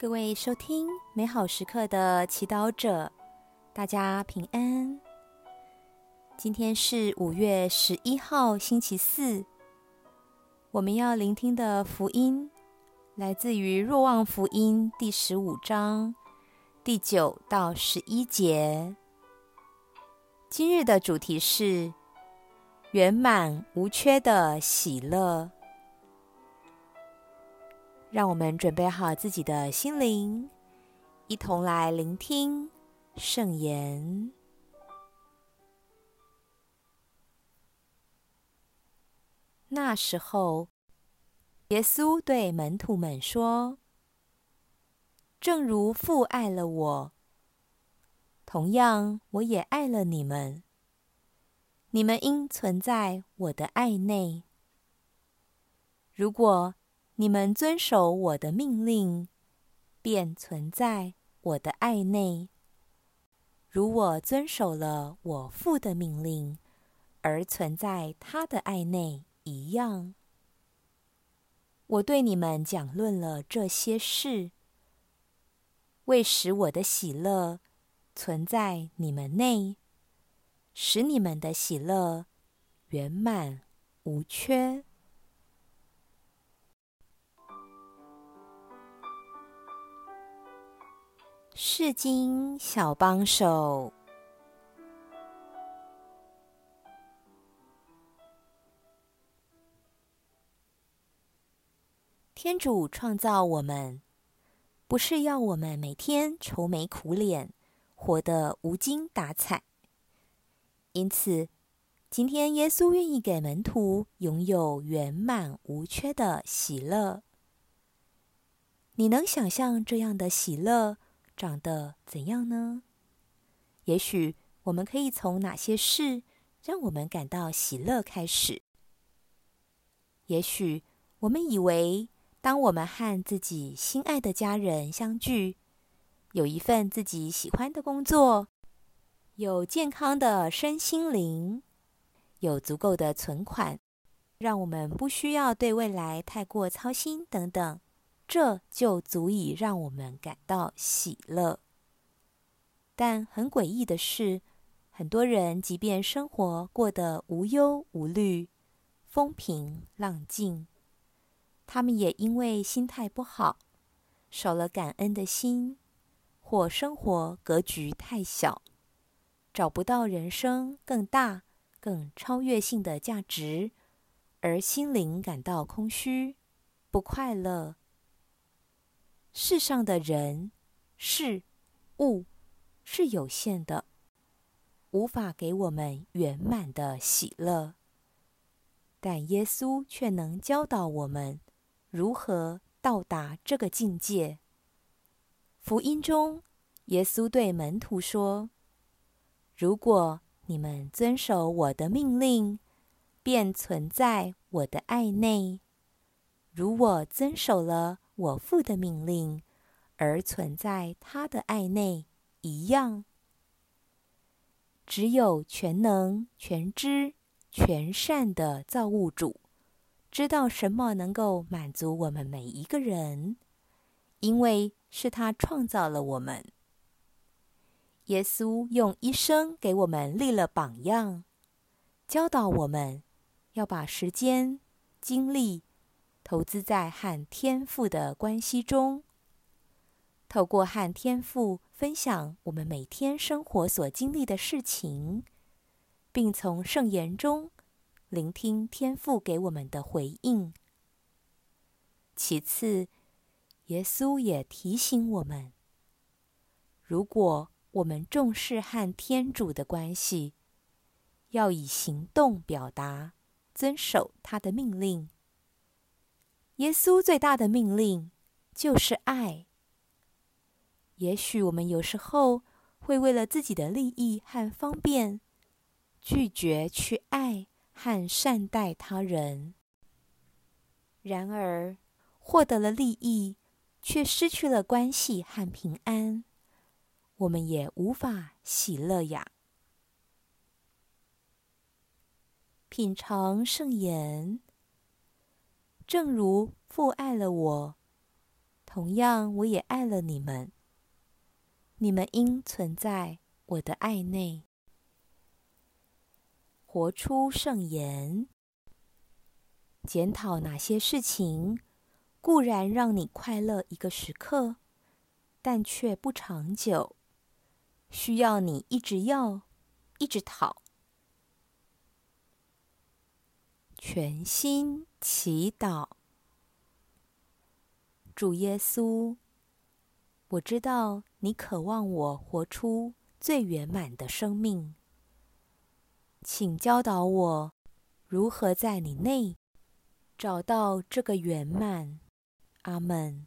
各位收聽美好時刻的祈禱者，大家平安。今天是五月十一號，星期四，我們要聆聽的福音來自於《若望福音》第十五章第九到十一節。今日的主題是圓滿無缺的喜樂。讓我們準備好自己的心靈，一同來聆聽聖言。那時候，耶穌對門徒們說：“正如父愛了我，同樣我也愛了你們。你們應存在我的愛內。如果。”你們遵守我的命令，便存在我的愛內。如我遵守了我父的命令，而存在他的愛內一樣。我對你們講論了這些事，為使我的喜樂存在你們內，使你們的喜樂圓滿無缺。是經小幫手。天主創造我們，不是要我們每天愁眉苦臉，活得無精打采。因此，今天耶穌願意給門徒擁有圓滿無缺的喜樂。你能想象這樣的喜樂？長得怎樣呢？也許我們可以從哪些事讓我們感到喜樂開始。也許我們以為，當我們和自己心愛的家人相聚，有一份自己喜歡的工作，有健康的身心靈，有足夠的存款，讓我們不需要對未來太過操心等等。這就足以讓我們感到喜樂。但很詭異的是，很多人即便生活過得無憂無慮、風平浪靜，他們也因為心態不好，少了感恩的心，或生活格局太小，找不到人生更大、更超越性的價值，而心靈感到空虛、不快樂。世上的人、事、物是有限的，無法給我們圓滿的喜樂。但耶穌卻能教導我們如何到達這個境界。福音中，耶穌對門徒說：“如果你們遵守我的命令，便存在我的愛內。如我遵守了。”我父的命令，而存在他的愛內一樣。只有全能、全知、全善的造物主，知道什麼能夠滿足我們每一個人，因為是他創造了我們。耶穌用一生給我們立了榜樣，教導我們要把時間、精力，投資在和天父的關係中，透過和天父分享我們每天生活所經歷的事情，並從聖言中聆聽天父給我們的回應。其次，耶穌也提醒我們，如果我們重視和天主的關係，要以行動表達，遵守他的命令。耶穌最大的命令就是愛。也許我們有時候會為了自己的利益和方便，拒絕去愛和善待他人。然而，獲得了利益，卻失去了關係和平安，我們也無法喜樂呀。品嘗聖言。正如父愛了我，同樣我也愛了你們。你們應存在我的愛內，活出聖言。檢討哪些事情固然讓你快樂一個時刻，但卻不長久，需要你一直要，一直討，全心。祈禱，主耶穌，我知道你渴望我活出最圓滿的生命，請教導我如何在你內找到這個圓滿。阿門。